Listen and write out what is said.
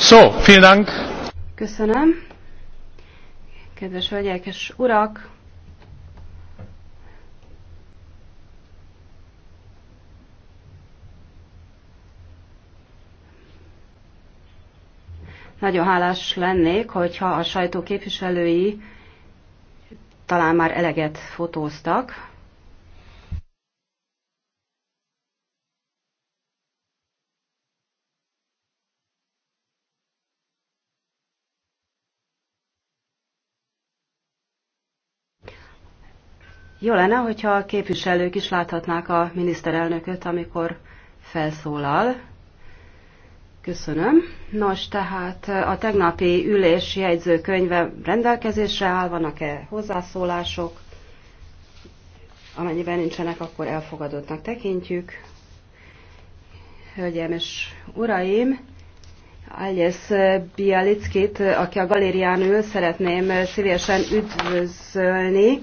So, vielen Dank. Köszönöm. Kedves hölgyek és urak, Nagyon hálás lennék, hogyha a sajtó képviselői talán már eleget fotóztak, Jó lenne, hogyha a képviselők is láthatnák a miniszterelnököt, amikor felszólal. Köszönöm. Nos, tehát a tegnapi ülés jegyzőkönyve rendelkezésre áll, vannak-e hozzászólások? Amennyiben nincsenek, akkor elfogadottnak tekintjük. Hölgyeim és uraim, Aljes Bialickit, aki a galérián ül, szeretném szívesen üdvözölni.